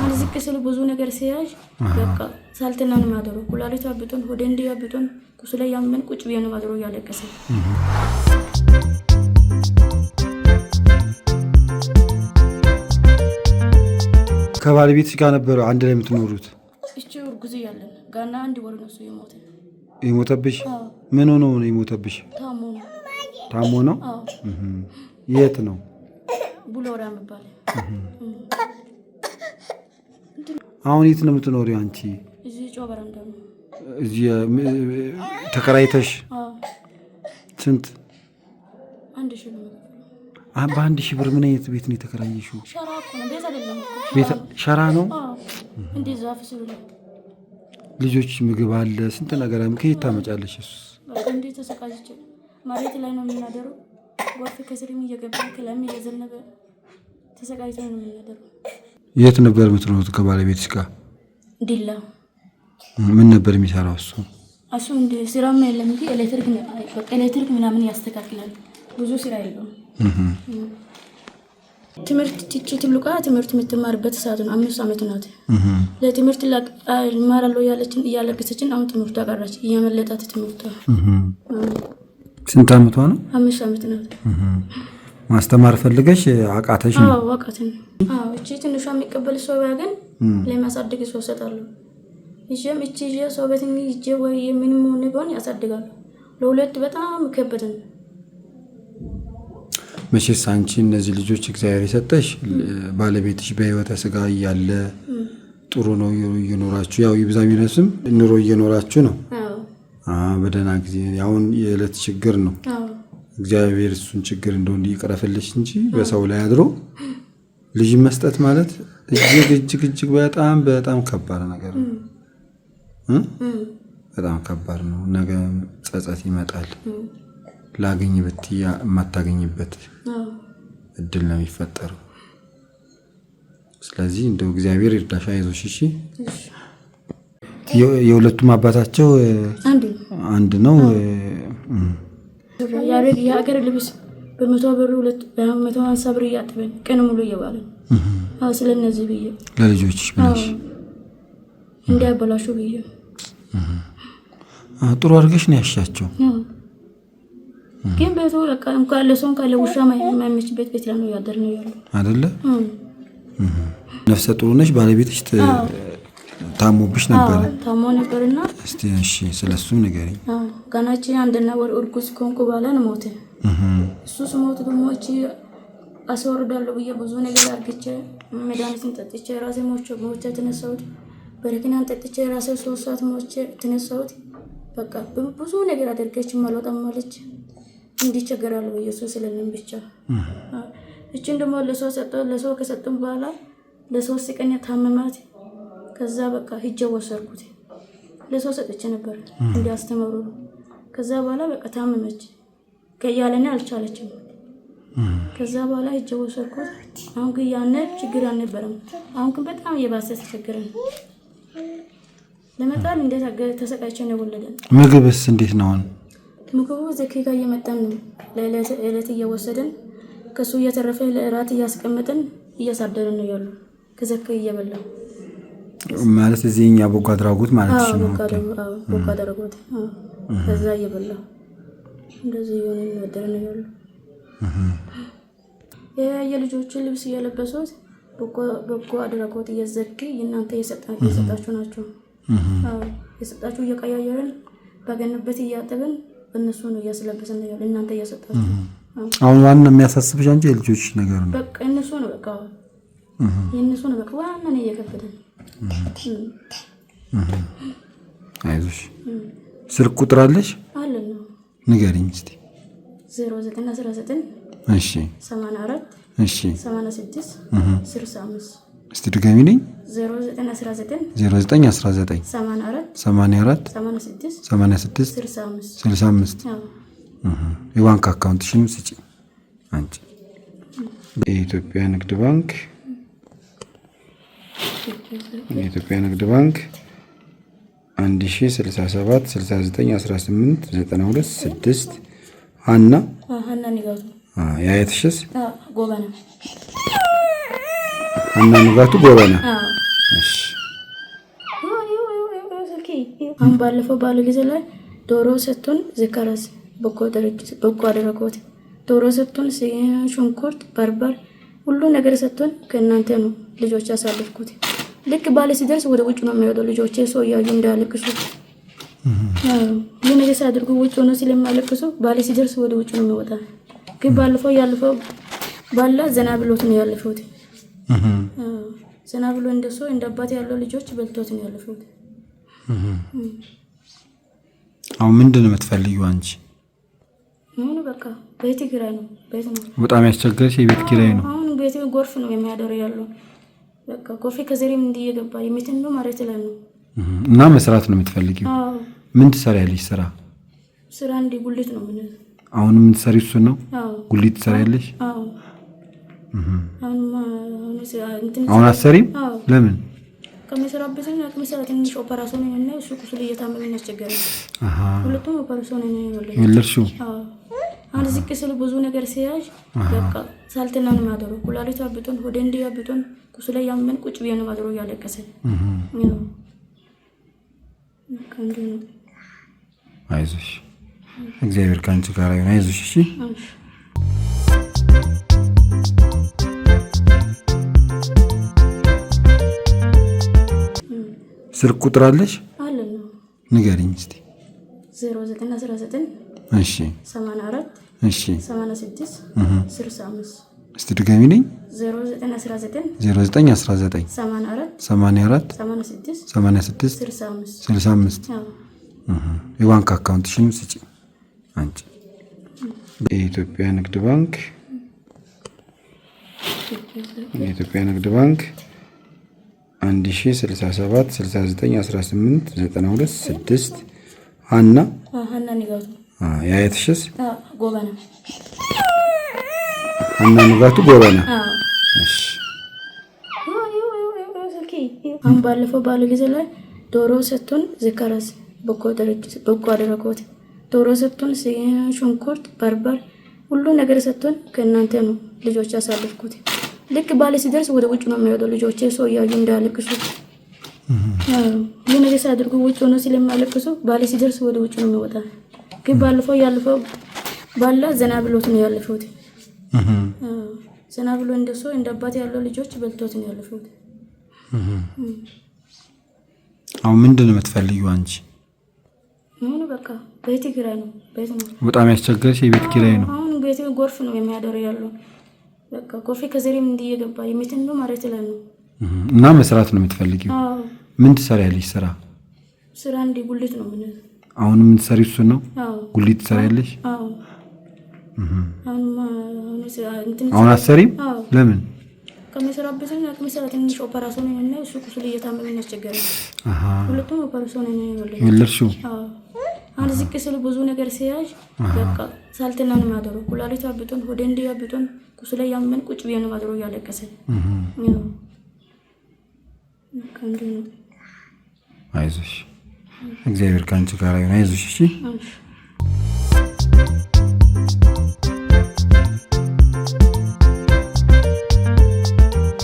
አሁን ዝቅ ስል ብዙ ነገር ሲያዥ በቃ ሳልትና ነው የሚያደሩ ኩላሊቱ አብጦን ወደ እንዲ አብጦን ቁስ ላይ ያመን ቁጭ ብዬ ነው ማደሩ እያለቀሰ ከባለቤት ጋር ነበረ አንድ ላይ የምትኖሩት? እቺ እርጉዝ እያለን ጋና አንድ ወር ነሱ እሱ የሞተ የሞተብሽ ምን ሆኖ ነው የሞተብሽ? ታሞ ነው። ታሞ ነው። የት ነው? ቡሎራ የሚባል አሁን የት ነው የምትኖሪው አንቺ? ተከራይተሽ ስንት? በአንድ ሺህ ብር ምን አይነት ቤት ነው የተከራየሽው? ሸራ ነው። ልጆች ምግብ አለ ስንት ነገር ከየት ታመጫለሽ? እሱስ መሬት ላይ ነው የምናደረው። ጎርፍ ከስርም እየገባ ከላይም እየዘነበ ተሰቃይተን ነው የምናደረው። የት ነበር የምትኖሩት? ከባለቤትሽ ጋር ዲላ። ምን ነበር የሚሰራው እሱ? እሱ እንደ ስራም የለም እንጂ ኤሌክትሪክ ምናምን ያስተካክላል። ብዙ ስራ የለውም። ትምህርት ትቺ ትልቋ ትምህርት የምትማርበት ሰዓት ነው። አምስት ዓመት ናት። ለትምህርት እማራለሁ ያለችን እያለቀሰችን አሁን ትምህርቷ ቀራች፣ እያመለጣት ትምህርቷ። ስንት ዓመቷ ነው? አምስት ዓመት ናት። ማስተማር ፈልገሽ አቃተሽ ነው? አዎ አቃተኝ። አዎ እቺ ትንሿ የሚቀበል ሰው ባገኝ ለማሳደግ ሰው እሰጣለሁ። ይሄም እቺ ሰው በትን ይዤ ወይ ምንም ሆነ ቢሆን ያሳድጋሉ። ለሁለት በጣም ከበደን። መቼስ አንቺ እነዚህ ልጆች እግዚአብሔር የሰጠሽ ባለቤትሽ በህይወተ ስጋ እያለ ጥሩ ነው እየኖራችሁ ያው ይብዛ ይነስም ኑሮ እየኖራችሁ ነው። በደህና ጊዜ አሁን የዕለት ችግር ነው እግዚአብሔር እሱን ችግር እንደው እንዲቀረፍልሽ እንጂ በሰው ላይ አድሮ ልጅ መስጠት ማለት እጅግ እጅግ እጅግ በጣም በጣም ከባድ ነገር ነው። በጣም ከባድ ነው። ነገ ጸጸት ይመጣል። ላገኝ ብትይ የማታገኝበት እድል ነው የሚፈጠረው። ስለዚህ እንደው እግዚአብሔር ይርዳሽ፣ አይዞሽ። እሺ የሁለቱም አባታቸው አንድ ነው። ማለት የሀገር ልብስ በመቶ ብር ሁለት በመቶ ሀምሳ ብር እያጥበን ቀን ሙሉ እየባለ ስለነዚህ ብዬ ለልጆች እንዲያበላሹ ብዬ ጥሩ አድርገሽ ነው ያሻቸው። ግን ቤቱ እንኳን ለሰው ካለ ውሻ የማይመችበት ቤት ላይ ነው ያደር ነው ያሉ አደለ። ነፍሰ ጥሩ ነሽ፣ ባለቤትሽ ታሞብሽ ነበረ ታሞ ነበርና፣ ስለሱም ንገሪኝ። ገናችን አንድና ወር እርጉዝ ከሆንኩ ነው ሞተ። እሱ ስሞት ደግሞ እቺ አስወርዳለሁ ብዬ ብዙ ነገር አርግቼ መድኃኒትን ጠጥቼ ራሴ ሞቸ ሞቸ ተነሳሁት። በረኪናን ጠጥቼ ራሴ ሶስት ሰዓት ሞቼ ተነሳሁት። በቃ ብዙ ነገር አደርገች ማልወጣም አለች። እንዲቸገራለሁ ብዬ እሱ ስለምን ብቻ እችን ደግሞ ለሰው ሰጠ። ለሰው ከሰጡም በኋላ ለሶስት ቀን ታመማት። ከዛ በቃ ሂጄ ወሰድኩት። ለሰው ሰጥቼ ነበር እንዲያስተምሩ ከዛ በኋላ በቃ ታመመች ያለኔ አልቻለችም። ከዛ በኋላ ሂጅ ወሰድኩት። አሁን ግን ያነ ችግር አልነበረም። አሁን ግን በጣም የባሰ ተቸግረን ለመጣል እንዴት ተሰቃይቼ ነው የወለደን። ምግብስ እንዴት ነው አሁን? ምግቡ ዘኬ ጋር እየመጣን ነው እለት እየወሰደን ከሱ እየተረፈ ለእራት እያስቀመጠን እያሳደረን ነው ያሉ ከዘኬ እየበላው ማለት እዚህ እኛ በጎ አድራጎት ማለት ነው። በጎ አድራጎት ከዛ እየበላ እንደዚህ የሆነ የሚወደር ነው ያሉ ልጆችን ልብስ እየለበሱት በጎ አድራጎት እየዘግ እናንተ እየሰጣችሁ ናቸው የሰጣችሁ እየቀያየርን ባገንበት እያጥብን እነሱ ነው እያስለበስን ያሉ እናንተ እያሰጣችሁ አሁን ዋና የሚያሳስብሽ አንቺ የልጆች ነገር ነው። በቃ እነሱ ነው በቃ የእነሱ ነው በቃ ዋና ነው እየከበደን አይዞሽ። ስልክ ቁጥር አለሽ? ንገሪኝ እስኪ። ዜሮ እሺ፣ እሺ፣ እስቲ ድጋሚ ነኝ። ዜሮ ዘጠኝ አስራ ዘጠኝ የባንክ አካውንትሽን ስጪ አንቺ። የኢትዮጵያ ንግድ ባንክ የኢትዮጵያ ንግድ ባንክ 1067 69 18 92 6 ሀና የአየትሽስ ሀና ንጋቱ ጎበና። አሁን ባለፈው ባለ ጊዜ ላይ ዶሮ ሰጡን፣ ዝከረስ በጎ አድራጎት ዶሮ ሰጡን፣ ሽንኩርት፣ በርበር ሁሉ ነገር ሰጡን። ከእናንተ ነው ልጆች ያሳለፍኩት። ልክ ባለ ሲደርስ ወደ ውጭ ነው የሚወጣው። ልጆች ሰው እያዩ እንዳያለቅሱ ይህ ነገር ሲያደርጉ ውጭ ሆነ ስለሚያለቅሱ ባለ ሲደርስ ወደ ውጭ ነው የሚወጣ። ግን ባለፈው ያለፈው ባላ ዘና ብሎት ነው ያለፈውት። ዘና ብሎ እንደሱ እንደ አባት ያለው ልጆች በልቶት ነው ያለፈውት። አሁን ምንድን ነው የምትፈልጊው አንቺ? አሁን በቃ ቤት ኪራይ ነው ቤት ነው በጣም ያስቸገረሽ የቤት ኪራይ ነው አሁን ቤት ጎርፍ ነው የሚያደር ያለው በቃ ከዘሬ ከዘሬም እንዲህ እየገባ የሜትን ነው ማለት እና መስራት ነው የምትፈልጊው? ምን ትሰሪያለሽ? ስራ ስራ እንዲ ጉሊት ነው ምን አሁን የምትሰሪ እሱ ነው ጉሊት ትሰሪያለሽ? አሁን አሰሪም ለምን ከሚሰራበትን ከሚሰራ ትንሽ ኦፐራሲዮን ነው እሱ ቁስል ሁለቱም አንድ ዝቅ ስል ብዙ ነገር ሲያዥ በቃ ሳልትና ነው ማደሮ። ኩላሊት አብጦን ወደ እንዲ አብጦን ቁሱ ላይ ያመን ቁጭ ብዬ ነው ማደሮ እያለቀሰ አይዞሽ፣ እግዚአብሔር ከአንቺ ጋር ይሁን። አይዞሽ እሺ። ስልክ ቁጥር አለሽ? አለ። ንገሪኝ እስኪ 0919 እሺ፣ 84 እሺ፣ 86 65 እስቲ ድጋሚ ነኝ የባንክ አካውንትሽን ስጪ አንቺ። የኢትዮጵያ ንግድ ባንክ የኢትዮጵያ ንግድ ባንክ 1067 69 18 ሀና ሀና ንጋቱ ያየትሽስ ጎበና እና ንጋቱ ጎበና። አሁን ባለፈው ባለ ጊዜ ላይ ዶሮ ሰጡን። ዝከረስ በጎ አደረጎት ዶሮ ሰጡን፣ ሽንኩርት፣ በርበር ሁሉ ነገር ሰጡን። ከእናንተ ነው ልጆች ያሳለፍኩት። ልክ ባለ ሲደርስ ወደ ውጭ ነው የሚወደው። ልጆች ሰው እያዩ እንዳያለቅሱ ይህ ነገር ሲያደርጉ ውጭ ሆኖ ስለሚያለቅሱ ባለ ሲደርስ ወደ ውጭ ነው የሚወጣ ግን ባለፈው ያለፈው ባላ ዘና ብሎት ነው ያለፈውት። ዘና ብሎ እንደሱ እንደ አባት ያለው ልጆች በልቶት ነው ያለፈውት። አሁን ምንድን ነው የምትፈልጊው አንቺ? አሁን በቃ ቤት ኪራይ ነው ቤት ነው በጣም ያስቸገረሽ የቤት ኪራይ ነው። አሁን ቤት ጎርፍ ነው የሚያደር ያለው በቃ ጎርፍ ከዘሬም እንዲየገባ የሚትን ነው ማለት ላይ ነው እና መስራት ነው የምትፈልጊው? ምን ትሰሪያለሽ? ስራ ስራ እንዲጉልት ነው ምንል አሁን የምትሰሪ እሱን ነው? ጉሊት ትሰሪያለሽ? አሁን አትሰሪም? ለምን? ከሚሰራበት አቅም ስራ ትንሽ ኦፐራሲዮን የሆነ እሱ ቁስል እየታመመ አንድ ዝቅ ስል ብዙ ነገር ሲያዥ በቃ ሳልትና ነው ማደሩ። ኩላሊት አብጦን ወደ እንዲ አብጦን ቁስል ላይ ያመን ቁጭ ብዬ ነው ማደሩ እያለቀሰ። አይዞሽ እግዚአብሔር ከአንቺ ጋር ይሁን። አይዞሽ እሺ።